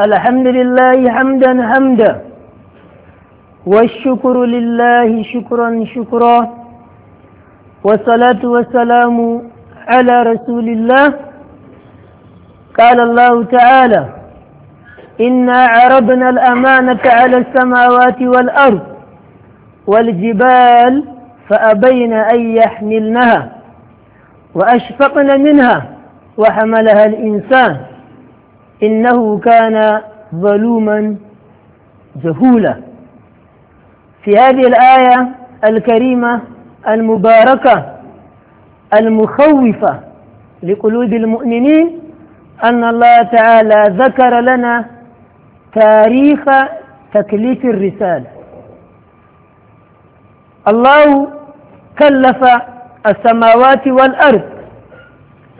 الحمد لله حمدا حمدا والشكر لله شكرا شكرا والصلاة والسلام على رسول الله قال الله تعالى إنا عرضنا الأمانة على السماوات والأرض والجبال فأبين أن يحملنها وأشفقن منها وحملها الإنسان إنه كان ظلوما جهولا في هذه الآية الكريمة المباركة المخوفة لقلوب المؤمنين أن الله تعالى ذكر لنا تاريخ تكليف الرسالة الله كلف السماوات والأرض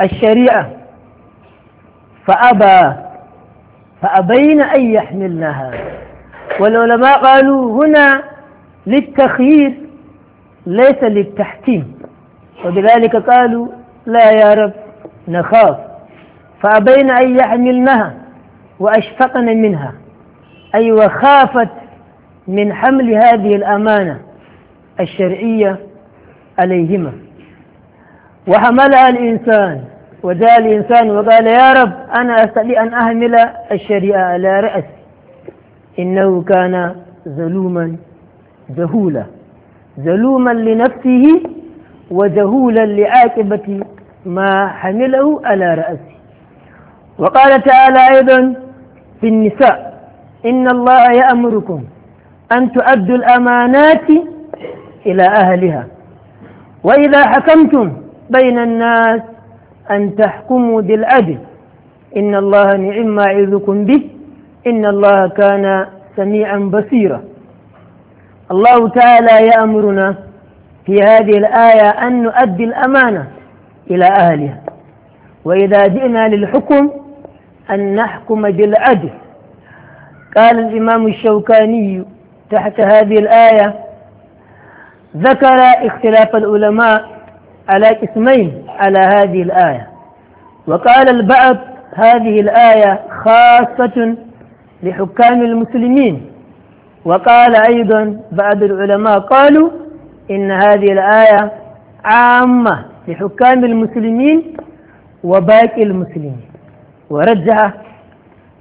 الشريعة فأبى فأبين أن يحملنها والعلماء قالوا هنا للتخيير ليس للتحكيم وبذلك قالوا لا يا رب نخاف فأبين أن يحملنها وأشفقن منها أي وخافت من حمل هذه الأمانة الشرعية عليهما وحملها الإنسان وجاء الإنسان وقال يا رب أنا أستطيع أن أحمل الشريعة على رأسي إنه كان ظلوما جهولا ظلوما لنفسه وجهولا لعاقبة ما حمله على رأسه وقال تعالى أيضا في النساء إن الله يأمركم أن تؤدوا الأمانات إلى أهلها وإذا حكمتم بين الناس أن تحكموا بالعدل إن الله نعم ما يعظكم به إن الله كان سميعا بصيرا الله تعالى يأمرنا في هذه الآية أن نؤدي الأمانة إلى أهلها وإذا جئنا للحكم أن نحكم بالعدل قال الإمام الشوكاني تحت هذه الآية ذكر اختلاف العلماء على اسمين على هذه الآية وقال البعض هذه الآية خاصة لحكام المسلمين وقال أيضا بعض العلماء قالوا إن هذه الآية عامة لحكام المسلمين وباقي المسلمين ورجح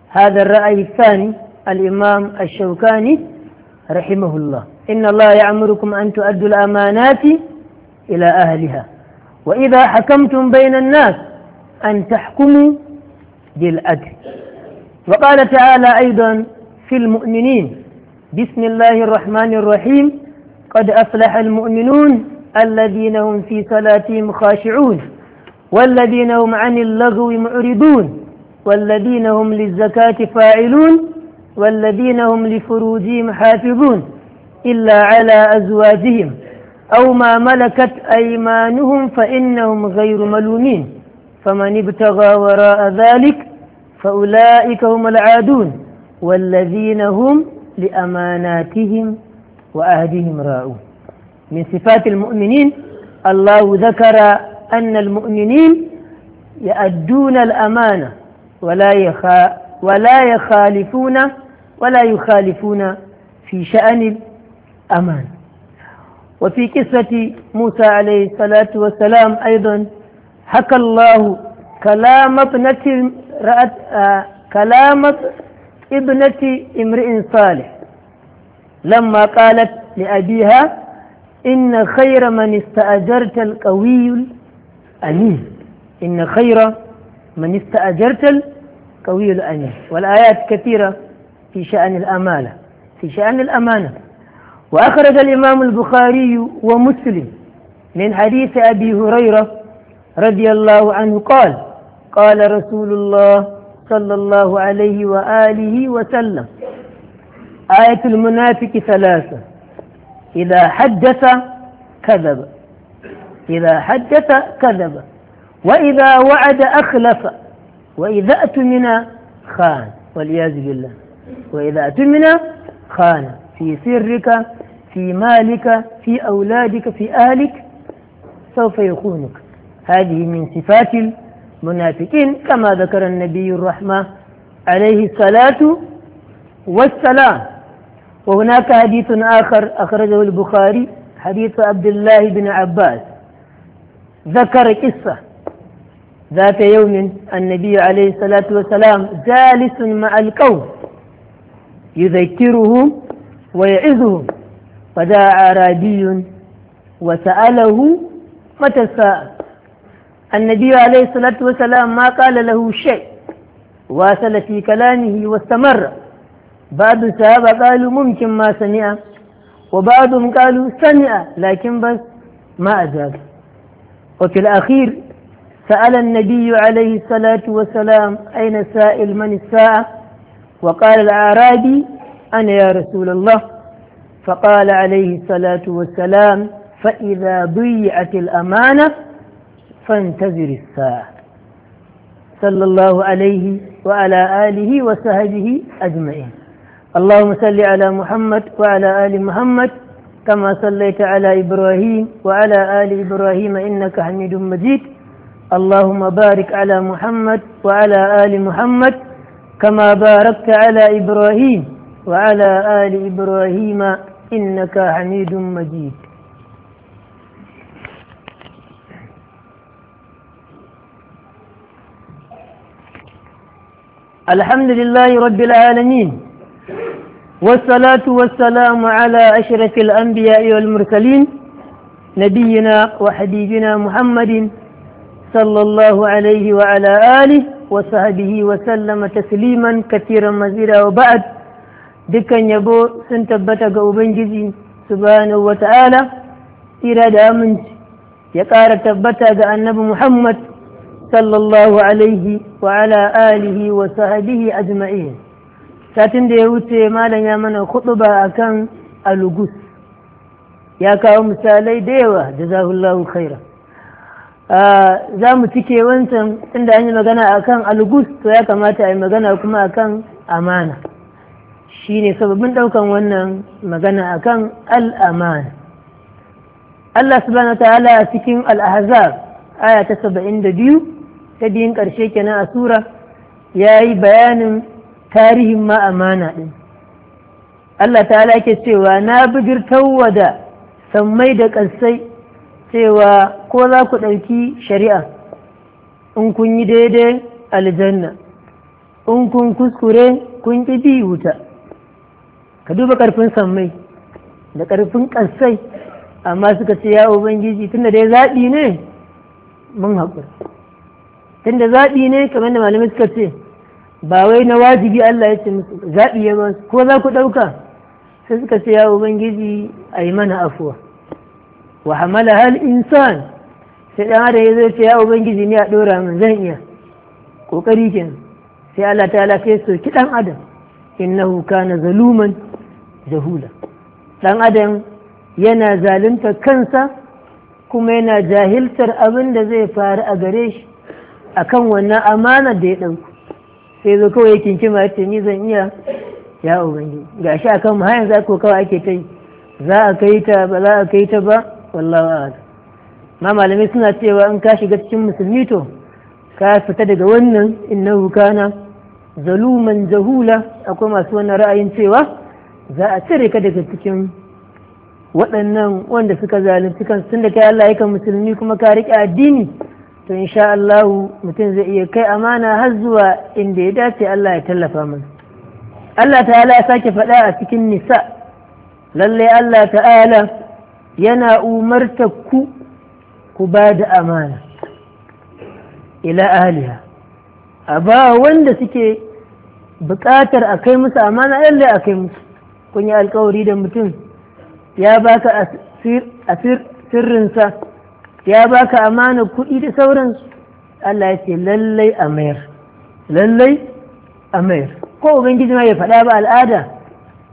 هذا الرأي الثاني الإمام الشوكاني رحمه الله إن الله يأمركم أن تؤدوا الأمانات إلى أهلها وإذا حكمتم بين الناس أن تحكموا بالعدل وقال تعالى أيضا في المؤمنين بسم الله الرحمن الرحيم قد أفلح المؤمنون الذين هم في صلاتهم خاشعون والذين هم عن اللغو معرضون والذين هم للزكاة فاعلون والذين هم لفروجهم حافظون إلا على أزواجهم أو ما ملكت أيمانهم فإنهم غير ملومين فمن ابتغى وراء ذلك فأولئك هم العادون والذين هم لأماناتهم وأهدهم راؤون من صفات المؤمنين الله ذكر أن المؤمنين يأدون الأمانة ولا يخا ولا يخالفون ولا يخالفون في شأن الأمانة وفي قصة موسى عليه الصلاة والسلام أيضا حكى الله كلام ابنة رأت آه، كلام ابنة امرئ صالح لما قالت لأبيها إن خير من استأجرت القوي الأمين إن خير من استأجرت القوي الأمين والآيات كثيرة في شأن الأمانة في شأن الأمانة وأخرج الإمام البخاري ومسلم من حديث أبي هريرة رضي الله عنه قال قال رسول الله صلى الله عليه وآله وسلم آية المنافق ثلاثة إذا حدث كذب إذا حدث كذب وإذا وعد أخلف وإذا أتمنى خان والعياذ بالله وإذا أتمنى خان في سرك في مالك في أولادك في أهلك سوف يخونك هذه من صفات المنافقين كما ذكر النبي الرحمة عليه الصلاة والسلام وهناك حديث آخر أخرجه البخاري حديث عبد الله بن عباس ذكر قصة ذات يوم النبي عليه الصلاة والسلام جالس مع القوم يذكرهم ويعظهم فجاء أعرابي وسأله متى الساعة النبي عليه الصلاة والسلام ما قال له شيء واصل في كلامه واستمر بعض الصحابة قالوا ممكن ما سمع وبعضهم قالوا سمع لكن بس ما أجاب وفي الأخير سأل النبي عليه الصلاة والسلام أين السائل من الساعة وقال الأعرابي أنا يا رسول الله فقال عليه الصلاة والسلام فإذا ضيعت الأمانة فانتظر الساعة صلى الله عليه وعلى آله وصحبه أجمعين اللهم صل على محمد وعلى آل محمد كما صليت على إبراهيم وعلى آل إبراهيم إنك حميد مجيد اللهم بارك على محمد وعلى آل محمد كما باركت على إبراهيم وعلى آل إبراهيم إنك حميد مجيد الحمد لله رب العالمين والصلاة والسلام على أشرف الأنبياء والمرسلين نبينا وحبيبنا محمد صلى الله عليه وعلى آله وصحبه وسلم تسليما كثيرا مزيدا وبعد dukkan yabo sun tabbata ga ubangiji subhanahu ta'ala tsira da aminci ya ƙara tabbata ga annabi muhammad sallallahu alaihi wa ala alihi wa sahabihi ajma'in satin da ya wuce malam ya mana a akan alugus ya kawo misalai da yawa da jazahullahu khaira za mu cike wancan inda an yi magana akan alugus to ya kamata a yi magana kuma akan amana shi ne sababin ɗaukan wannan magana akan al'aman Allah subhanahu ta'ala a cikin al'ahazab aya ta saba'in da biyu ta biyun ƙarshe kenan a sura ya yi bayanin tarihin ma'amana ɗin Allah ta'ala ke cewa na bigirtawa da sammai da ƙasai cewa ko za ku ɗauki shari'a in kun yi daidai aljanna in kun kuskure kun ƙi bi wuta ka duba karfin sammai da karfin kansai amma suka ce ya ubangiji tunda dai zaɓi ne mun haƙura tunda zaɓi ne kamar da malamai suka ce ba wai na wajibi Allah ya ce musu zaɓi ya ba ko za ku ɗauka sai suka ce ya ubangiji a yi mana afuwa wa hamala hal insan sai dan adam ya zai ce ya ubangiji ne a ɗora min zan iya ƙoƙari kenan sai Allah ta sai so ki ɗan adam in innahu kana zaluman jahula dan adam yana zalunta kansa kuma yana jahiltar abin da zai faru a gare shi akan wannan amana da ya ɗauku sai zo kawai kinkima ya ce ni zan iya ya ubangi ga shi akan mu hayan za ko kawai ake ta yi za a kai ta ba za a kai ta ba wallahu a'lam ma malamai suna cewa in ka shiga cikin musulmi to ka fita daga wannan innahu kana zaluman jahula akwai masu wannan ra'ayin cewa za a cire ka daga cikin waɗannan wanda suka zalunci kan tun da kai Allah yakan musulmi kuma ka riƙe addini to insha Allah mutum zai iya kai amana har zuwa inda ya dace Allah ya tallafa mana Allah ta'ala ya sake faɗa a cikin nisa lallai Allah ta'ala yana umarta ku ku ba da amana ila ahliha a ba wanda suke buƙatar a kai musu amana lallai a kai musu kun yi alkawari da mutum ya baka a sirrinsa ya baka amana kuɗi da sauran Allah ya ce lallai a mayar lallai a mayar ko ubangiji ma ya faɗa ba al'ada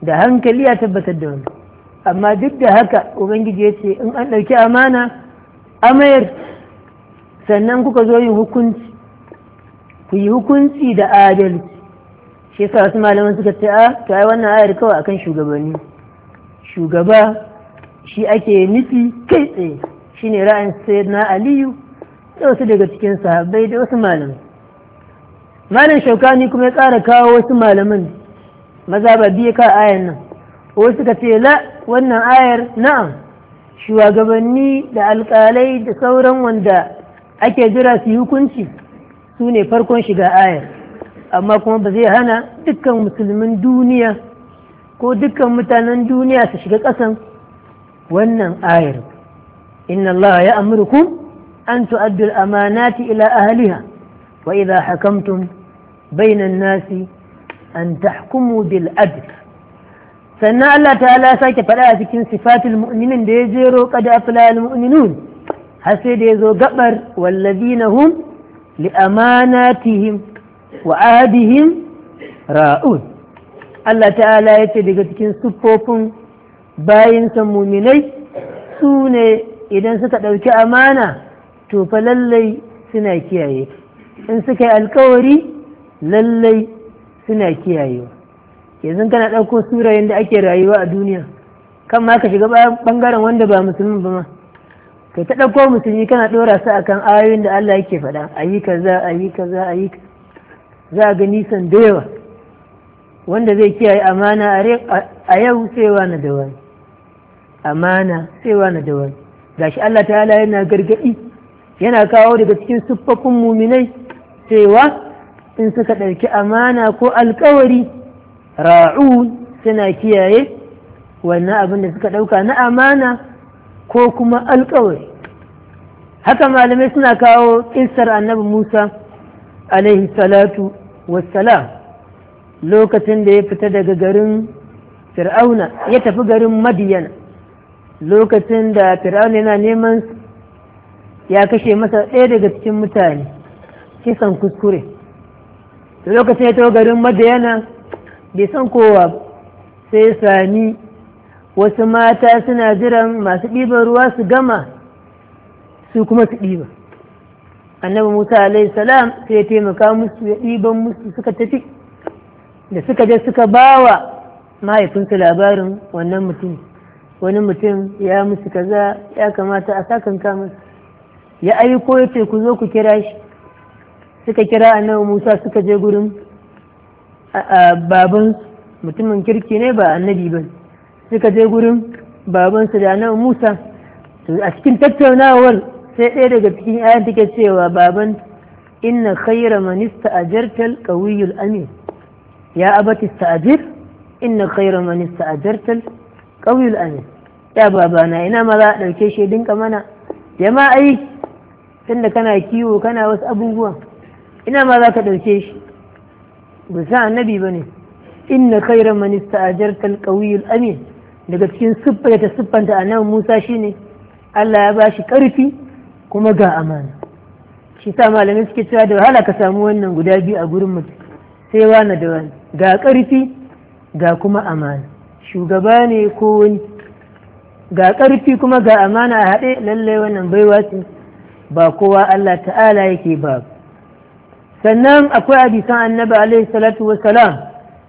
da hankali ya tabbatar da wani amma duk da haka ubangiji ya ce in an ɗauki amana a mayar sannan kuka zo yin hukunci ku yi hukunci da adalci shi yasa wasu malaman suka ce a ah, to ai wannan ayar kawai akan shugabanni shugaba shi ake nufi kai tsaye shine ra'ayin sayyidina aliyu da wasu daga cikin sahabbai da wasu malamai malam shaukani kuma ya ƙara kawo wasu malaman maza ba biye ka ayar nan wasu suka ce la wannan ayar na'am shugabanni da alƙalai da sauran wanda ake jira su yi hukunci su ne farkon shiga ayar أما م بزي هنا دكا مسلمين دنيا ك و دكا متانا دنيا تشكك أ س وانا اير إن الله يأمركم أن تؤدوا الأمانات إلى أهلها وإذا حكمتم بين الناس أن تحكموا بالعدل سنا الله تعالى سيك فلا يسكن صفات المؤمنين ديزيرو قد أفلا ف ل ى المؤمنون حسيد يزو قبر والذين هم لأماناتهم wa adihim ra'un Allah ta'ala ya ce daga cikin siffofin bayinsa muminai su ne idan suka ɗauki amana to fa lallai suna kiyaye in suka yi alkawari lallai suna kiyayewa yanzu kana ɗauko sura yadda ake rayuwa a duniya kan ma ka shiga ɓangaren wanda ba musulmi ba ma kai ta ɗauko musulmi kana ɗora su akan ayoyin da Allah yake faɗa a yi kaza a yi kaza a kaza za ga nisan da yawa wanda zai kiyaye amana a yau sai na da wani amana sai na da wani gashi Allah ta'ala yana gargadi yana kawo daga cikin siffofin muminai cewa in suka ɗauki amana ko alkawari Ra'u suna kiyaye wannan abin da suka ɗauka na amana ko kuma alkawari haka malamai suna kawo kinsar annabi musa alaihi salatu wassalam lokacin da ya fita daga garin fir'auna ya tafi garin madiyana lokacin da fir'auna yana neman ya kashe masa ɗaya daga cikin mutane kisan kuskure lokacin ya tafi garin madiyana bai san kowa sai sami wasu mata suna jiran masu ɗiban ruwa su gama su kuma su ɗiba annabi musa alaihi salam sai ya taimaka musu ya ɗiban musu suka tafi da suka je suka bawa mahaifinsu labarin wannan mutum wani mutum ya musu kaza ya kamata a sakanka musu ya aiko ya ce ku zo ku kira shi suka kira annabi musa suka je gurin baban mutumin kirki ne ba annabi ba suka je gurin babansu da annabi musa a cikin tattaunawar sai ɗaya daga cikin ayan take cewa baban inna khaira man jartal qawiyul amin ya abati ista'jir inna khaira man jartal qawiyul amin ya babana ina ma za a ɗauke shi dinka mana jama'a ai tunda kana kiwo kana wasu abubuwan ina ma za ka ɗauke shi ba sa annabi ba ne inna khairan man jartal qawiyul amin daga cikin siffar da ta siffanta annabi Musa shine Allah ya bashi karfi kuma ga amana shi sa malamai suke cewa da wahala ka samu wannan guda biyu a gurin mutum sai wani da wani ga ƙarfi ga kuma amana shugaba ne ko wani ga ƙarfi kuma ga amana a haɗe lallai wannan baiwa ce ba kowa Allah ta'ala yake ba sannan akwai hadisan annabi alaihi salatu wa salam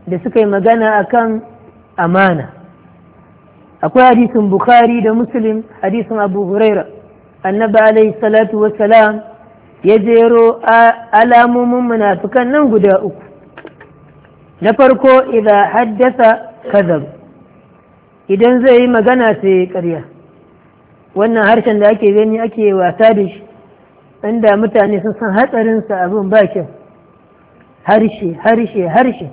da suka yi magana akan amana akwai hadisin bukhari da muslim hadisin abu hurairah annabi alayhi salatu wa salam ya jero alamomin munafikan nan guda uku na farko idan haddasa kazab idan zai yi magana sai karya wannan harshen da ake gani ake wasa da shi inda mutane sun san hatsarinsa abin ba kyau harshe harshe harshe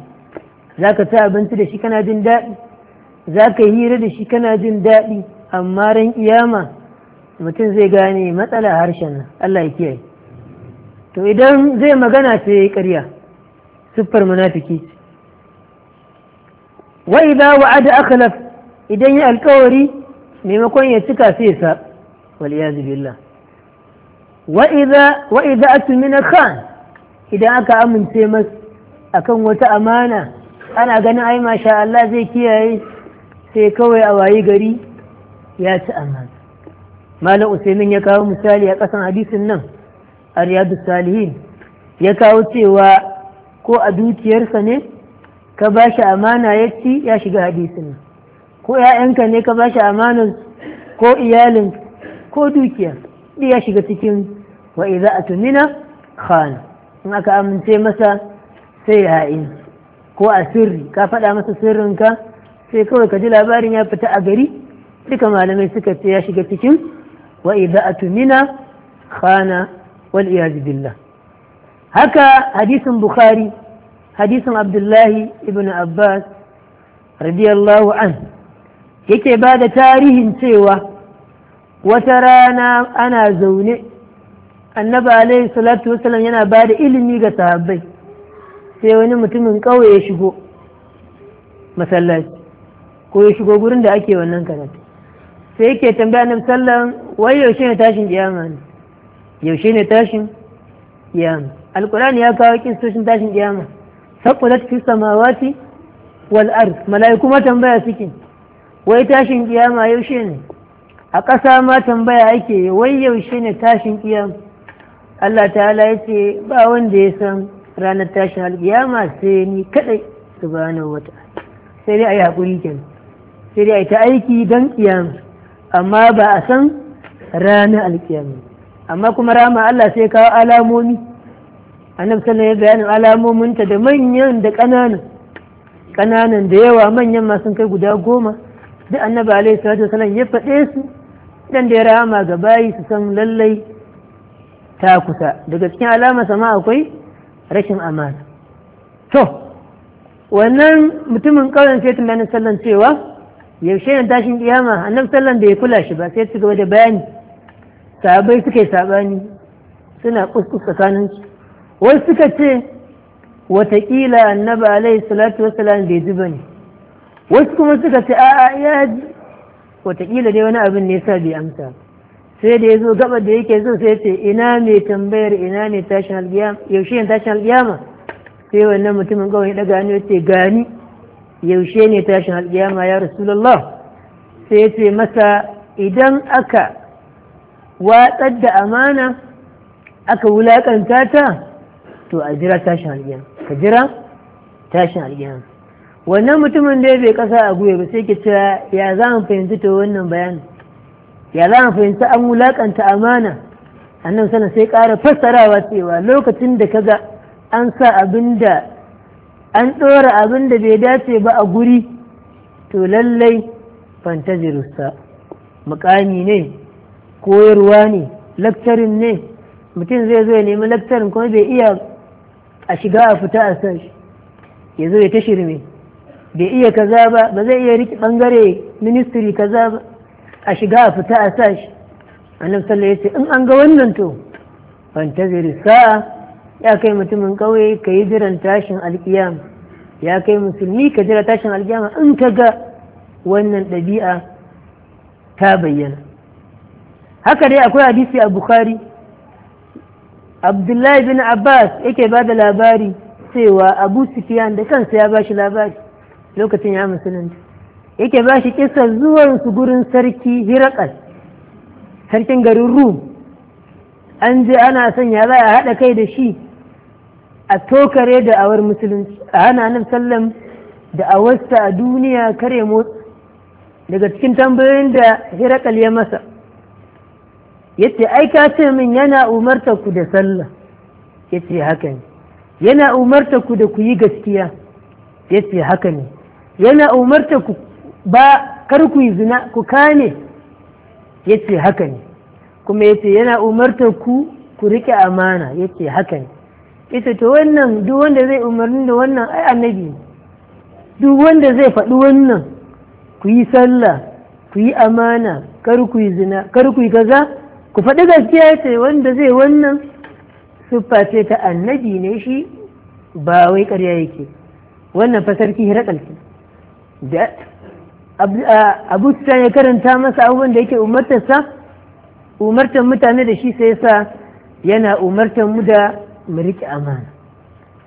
za ka ta abinci da shi kana jin daɗi za ka hira da shi kana jin daɗi amma ran iyama mutum zai gane matsala a harshen nan Allah ya kiyaye to idan zai magana sai yayi ƙarya siffar munafiki wa idza wa'ada akhlaf idan ya alƙawari maimakon ya cika sai sa wal iyaz billah wa idza wa idza atmina khan idan aka amince mas akan wata amana ana ganin ai masha Allah zai kiyaye sai kawai a wayi gari ya ci amana malam usaimin ya kawo misali a ƙasan hadisin nan a riyadu salihin ya kawo cewa ko a dukiyarsa ne ka ba shi amana ya ci ya shiga hadisin nan ko ‘ya'yanka ne ka ba shi amanar ko iyalin ko dukiya ɗi ya shiga cikin wa za a tumina khan in aka amince masa sai ya ha'in ko a sirri ka faɗa masa sirrinka sai kawai ka ji labarin ya fita a gari duka malamai suka ce ya shiga cikin wa idza atmina khana wal iyad billah haka hadisin bukhari hadisin abdullahi ibn abbas radiyallahu an yake ba da tarihin cewa wata rana ana zaune annabi alaihi salatu wasalam yana ba da ilimi ga sahabbai sai wani mutumin ƙauye ya shigo masallaci ko ya shigo gurin da ake wannan karatu sai yake tambaya na sallan wai yaushe ne tashin kiyama ne yaushe ne tashin kiyama alkurani ya kawo kistoshin tashin kiyama sakulat fi samawati wal ard mala'iku ma tambaya suke wai tashin kiyama yaushe ne a ƙasa ma tambaya ake wai yaushe ne tashin kiyama Allah ta'ala ya ce ba wanda ya san ranar tashin alkiyama sai ni kadai subhanahu wata sai dai a yi kenan sai dai a ta aiki don kiyama amma ba a san ranar alkiyami amma kuma rama Allah sai kawo alamomi annabi sallallahu alaihi bayanin alamominta da manyan da ƙananan ƙananan da yawa manyan masu kai guda goma duk annabi alaihi salatu wasallam ya faɗe su dan da ya rama ga bayi su san lallai ta kusa daga cikin alama sama akwai rashin amana to wannan mutumin ƙauyen sai tunanin sallan cewa yaushe ne tashin kiyama annabi sallan ya kula shi ba sai su gaba da bayani sahabbai suka yi sabani suna kuskus tsakanin su wasu suka ce watakila annabi alaihi salatu da bai ji bane wasu kuma suka ce a'a ya ji watakila dai wani abin ne yasa bai amsa sai da ya zo gaba da yake zo sai ce ina ne tambayar ina ne tashin alkiyama yaushe ne tashin alkiyama sai wannan mutumin kawai ya daga hannu ya ce gani yaushe ne tashin alƙiyama ya rasulullah sai ya ce masa idan aka watsar da amana aka wulaƙanta ta to a jira tashin alƙiyama ka jira tashin alƙiyama wannan mutumin da bai kasa a guye ba sai ke cewa ya za mu fahimci ta wannan bayanin ya za mu fahimci an wulaƙanta amana annan sana sai ƙara fassarawa cewa lokacin da kaga an sa abin da an ɗora abin da bai dace ba a guri to lallai fantazirusta mukami ne koyarwa ne lakcarin ne mutum zai zo ya nemi lakcarin kuma bai iya a shiga a fita a san shi ya zo ya ta shirme bai iya kaza ba ba zai iya riƙe ɓangare ministry kaza ba a shiga a fita a sa shi annabi sallallahu alaihi in an ga wannan to fantazir sa'a ya kai mutumin ƙauye ka yi jiran tashin alƙiyama ya kai musulmi ka jira tashin alƙiyama in ka ga wannan ɗabi'a ta bayyana haka dai akwai hadisi a bukhari abdullahi bin abbas yake ba da labari cewa abu sufiyan da kansa ya ba shi labari lokacin ya musulunta yake ba shi kisan zuwansu gurin sarki hirakal sarkin garin rum an je ana son ya za a haɗa kai da shi a tokare da awar musulunci a hana nan sallam da wasta a duniya kare motsa daga cikin tambayoyin da hirakal ya masa yace ai ka ce min yana umarta ku da sallah yace haka ne yana umarta ku da ku yi gaskiya yace haka ne yana umarta ku ba kar ku yi zina ku kane yace haka ne kuma yace yana umarta ku ku rike amana yace haka ne ita to wannan duk wanda zai umarni da wannan ai annabi duk wanda zai faɗi wannan ku yi sallah ku yi amana kar ku yi zina kar ku yi kaza ku faɗi gaskiya ce wanda zai wannan siffa ce ta annabi ne shi ba wai ƙarya yake wannan fa sarki hirakalki da abu ya karanta masa abubuwan da yake umartarsa umartar mutane da shi sai sa yana umartar mu da mu riƙe amana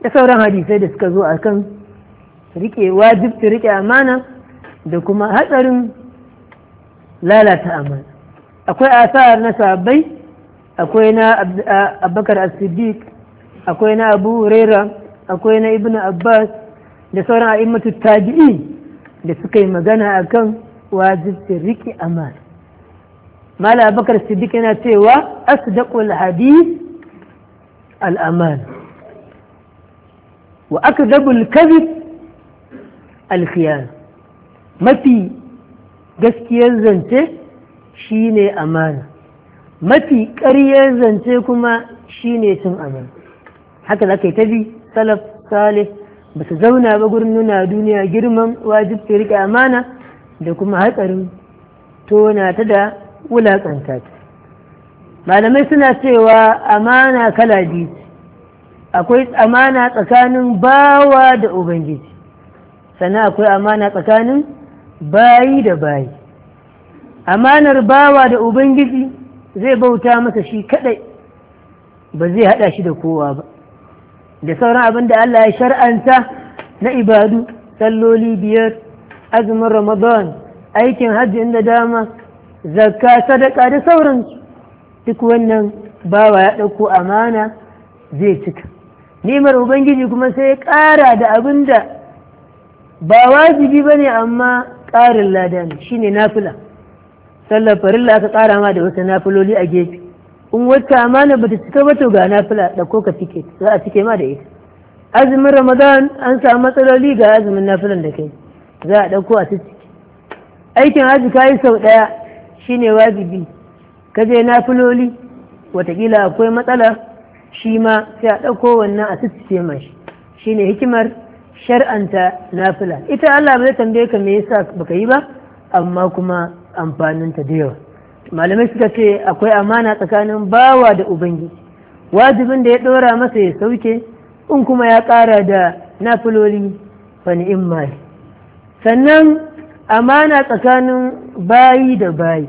da sauran hadisai da suka zo a kan riƙe wajibci riƙe amana da kuma hatsarin lalata amana akwai asar na sabai akwai na abubakar as-siddiq akwai na abu huraira akwai na ibn abbas da sauran a'immatu tabi'i da suka yi magana akan wajibci riƙe amana mala abubakar siddiq yana cewa asdaqul hadith al'aman wa aka zabul kazib alkhiyan mafi gaskiyar zance shine amana mafi ƙaryar zance kuma shine cin amana haka za ka yi tabi salaf salih ba su zauna ba gurin nuna duniya girman wajibci riƙe amana da kuma haƙarin tona ta da wulaƙanta ta malamai suna cewa amana kala biyu akwai amana tsakanin bawa da ubangiji sannan akwai amana tsakanin bayi da bayi amanar bawa da ubangiji zai bauta masa shi kadai ba zai hada shi da kowa ba da sauran abin da Allah ya shar'anta na ibadu salloli biyar azumin ramadan aikin hajji inda dama zakka sadaka da sauransu duk wannan bawa ya ɗauko amana zai cika nemar ubangiji kuma sai ya ƙara da abin da ba wajibi ba ne amma ƙarin lada ne shi ne nafila sallar farilla aka ƙara ma da wasu nafiloli a gefe in wata amana ba ta cika ba to ga nafila da ko ka fike za a cike ma da ita azumin ramadan an samu matsaloli ga azumin nafilan da kai za a ɗauko a ciki aikin hajji ka yi sau ɗaya shine wajibi ka je na filoli watakila akwai matsala shi ma sai a ɗauko wannan a tuttuce mashi shi ne hikimar shar'anta na fila ita Allah ba bai tambaye ka me yasa baka yi ba amma kuma amfaninta da yawa malamai suka ce akwai amana tsakanin bawa da ubangiji wajibin da ya ɗora masa ya sauke in kuma ya ƙara da nafiloli in ni'imma sannan amana tsakanin bayi da bayi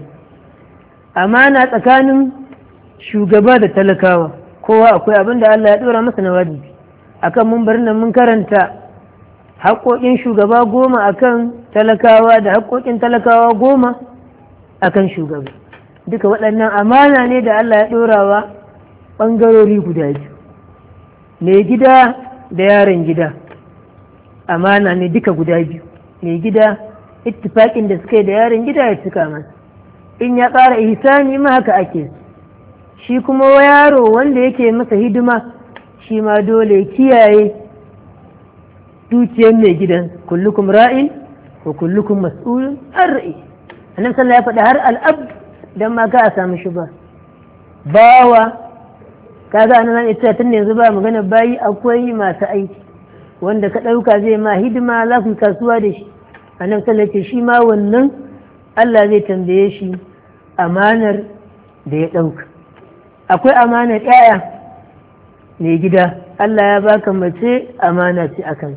amana tsakanin shugaba da talakawa kowa akwai abin da Allah ya ɗora masa na wajibi akan mun bar nan mun karanta haƙoƙin shugaba goma akan talakawa da haƙoƙin talakawa goma akan shugaba duka waɗannan amana ne da Allah ya ɗorawa ɓangarori guda biyu mai gida da yaron gida amana ne duka guda biyu mai gida ittifaƙin da suka yi da yaron gida ya cika masa in ya ƙara ihsani ma haka ake shi kuma yaro wanda yake masa hidima shi ma dole kiyaye dukiyar mai gidan kullukum ra'in wa kullukum mas'ulun an ra'i annabi sallallahu ya faɗa har al'ab dan ma ka a samu shi ba bawa kaga anan nan ita tun yanzu ba magana bayi akwai masu aiki wanda ka ɗauka zai ma hidima za ku kasuwa da shi annabi sallallahu ya ce shi ma wannan Allah zai tambaye shi amanar da ya ɗauka akwai amanar ɗaya mai gida Allah ya baka mace amana ce a kan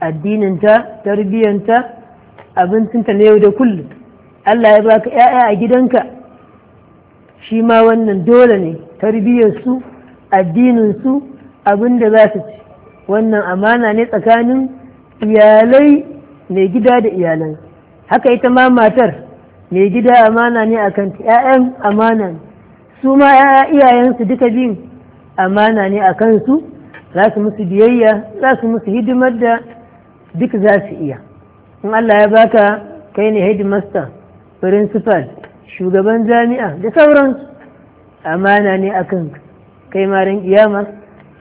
addininta tarbiyyanta abincinta na yau da kullum Allah ya baka ‘ya'ya a gidanka shi ma wannan dole ne tarbiyyarsu addininsu abin da za su ci wannan amana ne tsakanin iyalai mai gida da iyalan haka ita ma matar mai gida amana ne a kanta ‘ya'yan amana su ma iyayensu duka biyu amana ne a kansu za su musu biyayya za su musu hidimar da duk za su iya in Allah ya baka kai ne headmaster principal shugaban jami'a da sauransu amana ne a kanka kai marin kiyama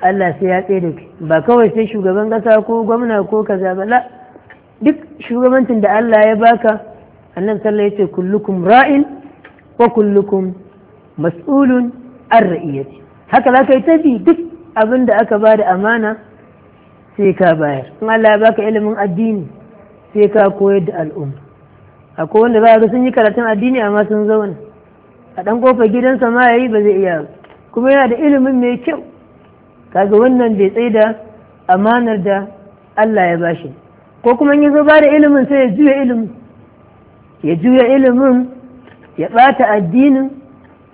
Allah sai ya tsaye da kai ba kawai sai shugaban ƙasa ko gwamna ko kaza ba duk shugabancin da Allah ya baka annan sallah ya ce kullukum ra'in wa kullukum mas'ulun an ra'iyyati haka za ka yi tafi duk abin da aka ba da amana sai ka bayar in Allah ya baka ilimin addini sai ka koyar da al'umma akwai wanda za ga sun yi karatun addini amma sun zauna a dan kofa gidansa ma yayi ba zai iya kuma yana da ilimin mai kyau kaga wannan bai tsaye da amanar da Allah ya bashi ko kuma in ya zo ba da ilimin sai ya juya ilimin ya juya ilimin ya ɓata addinin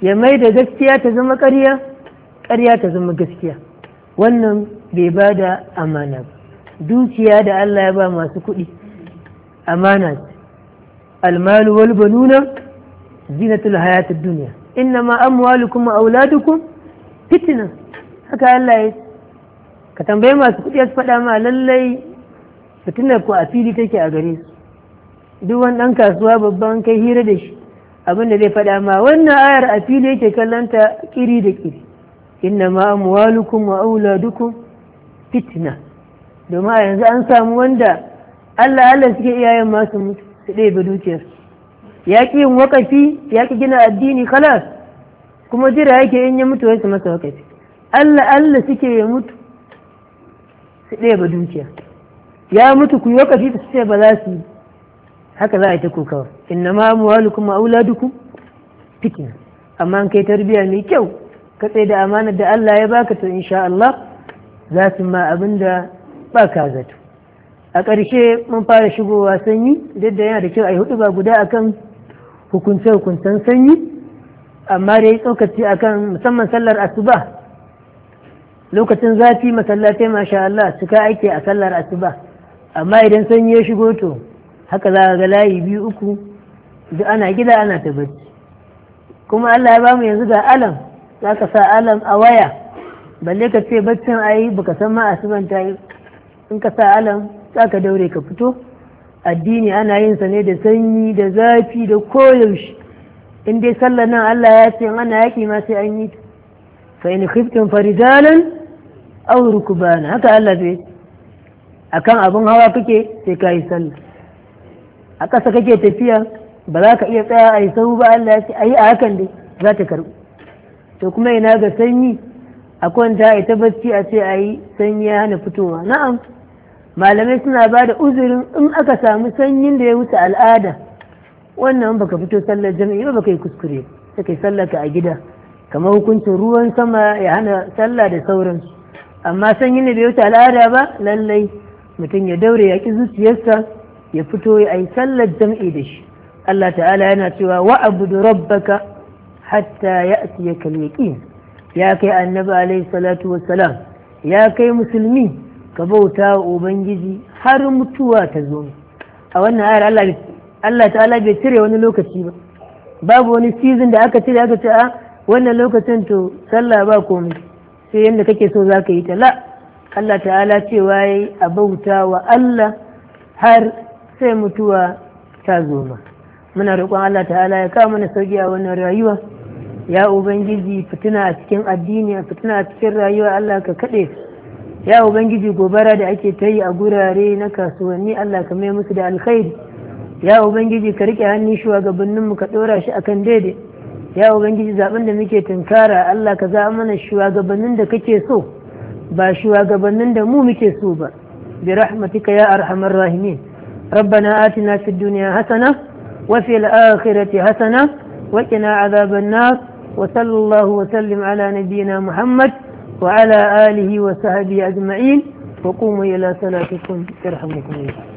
ya mai da gaskiya ta zama ƙarya ƙarya ta zama gaskiya wannan bai ba da amana ba dukiya da Allah ya ba masu kuɗi amana almalu wal banuna zinatul hayatid dunya ma amwalukum wa auladukum fitna haka Allah ya ka tambaye masu kuɗi ya faɗa ma lallai fitinar ku a fili take a gare su duk wani ɗan kasuwa babban kai hira da shi abin da zai faɗa ma wannan ayar a fili yake kallanta kiri da kiri inna ma amwalukum wa auladukum fitna domin a yanzu an samu wanda Allah Allah suke iyayen masu mutu su ɗebe dukiyar ya ƙi yin wakafi ya ƙi gina addini kalas kuma jira yake in ya mutu wasu masa wakafi Allah Allah suke ya mutu su ɗebe dukiya ya mutu ku yi wakafi su ce ba za su yi haka za a yi ta kokawa inna ma amwalukum wa auladukum fitina amma an kai tarbiyya mai kyau ka tsaye da amanar da Allah ya baka to insha Allah za su ma abin da ba ka zato a ƙarshe mun fara shigowa sanyi duk da yana da kyau a yi hudu ba guda akan hukunce-hukuncen sanyi amma dai tsokaci akan musamman sallar asuba lokacin zafi masallatai masha Allah suka aike a sallar asuba amma idan sanyi ya shigo to haka za a ga layi biyu uku da ana gida ana ta barci. kuma Allah ya ba mu yanzu ga alam za ka sa alam a waya balle ka ce baccin a yi baka san ma asuban ta yi in ka sa alam za ka daure ka fito addini ana yin sa ne da sanyi da zafi da koyaushe in dai sallar nan Allah ya ce ana yaki ma sai an yi fa in khiftum farijalan aw rukbana haka Allah zai akan abun hawa kake sai kai sallah a ƙasa kake tafiya ba za ka iya tsaya a yi sahu ba Allah ce a yi a hakan dai za ta karɓi to kuma ina ga sanyi a kwanta a ta bacci a ce a yi sanyi ya hana fitowa na'am malamai suna ba da uzurin in aka samu sanyin da ya wuce al'ada wannan baka fito sallar jami'i ba baka yi kuskure ta kai sallar ka a gida kamar hukuncin ruwan sama ya hana sallah da sauransu amma sanyin da bai wuce al'ada ba lallai mutum ya daure ya ƙi zuciyarsa ya fito ya yi sallar jam'i da shi Allah ta'ala yana cewa wa abudu rabbaka hatta ya asiya yaqin ya kai annabi alaihi salatu wassalam ya kai musulmi ka bauta wa ubangiji har mutuwa ta zo a wannan ayar Allah ta'ala bai cire wani lokaci ba babu wani season da aka cire aka ce a ah, wannan lokacin to sallah ba komai sai yadda kake so za ka yi ta la Allah ta'ala cewa ya yi a bauta wa Allah har sai mutuwa ta zo ma muna roƙon Allah ta'ala ya kawo mana sauki a wannan rayuwa ya ubangiji fitina a cikin addini fitina a cikin rayuwa Allah ka kaɗe ya ubangiji gobara da ake ta yi a gurare na kasuwanni Allah ka mai musu da alkhairi ya ubangiji ka rike hannu shugabannin mu ka ɗora shi akan daidai ya ubangiji zaɓen da muke tunkara Allah ka za mana shugabannin da kake so ba shugabannin da mu muke so ba bi rahmatika ya arhamar rahimin ربنا آتنا في الدنيا حسنة وفي الآخرة حسنة وقنا عذاب النار وصلى الله وسلم على نبينا محمد وعلى آله وصحبه أجمعين وقوموا إلى صلاتكم يرحمكم الله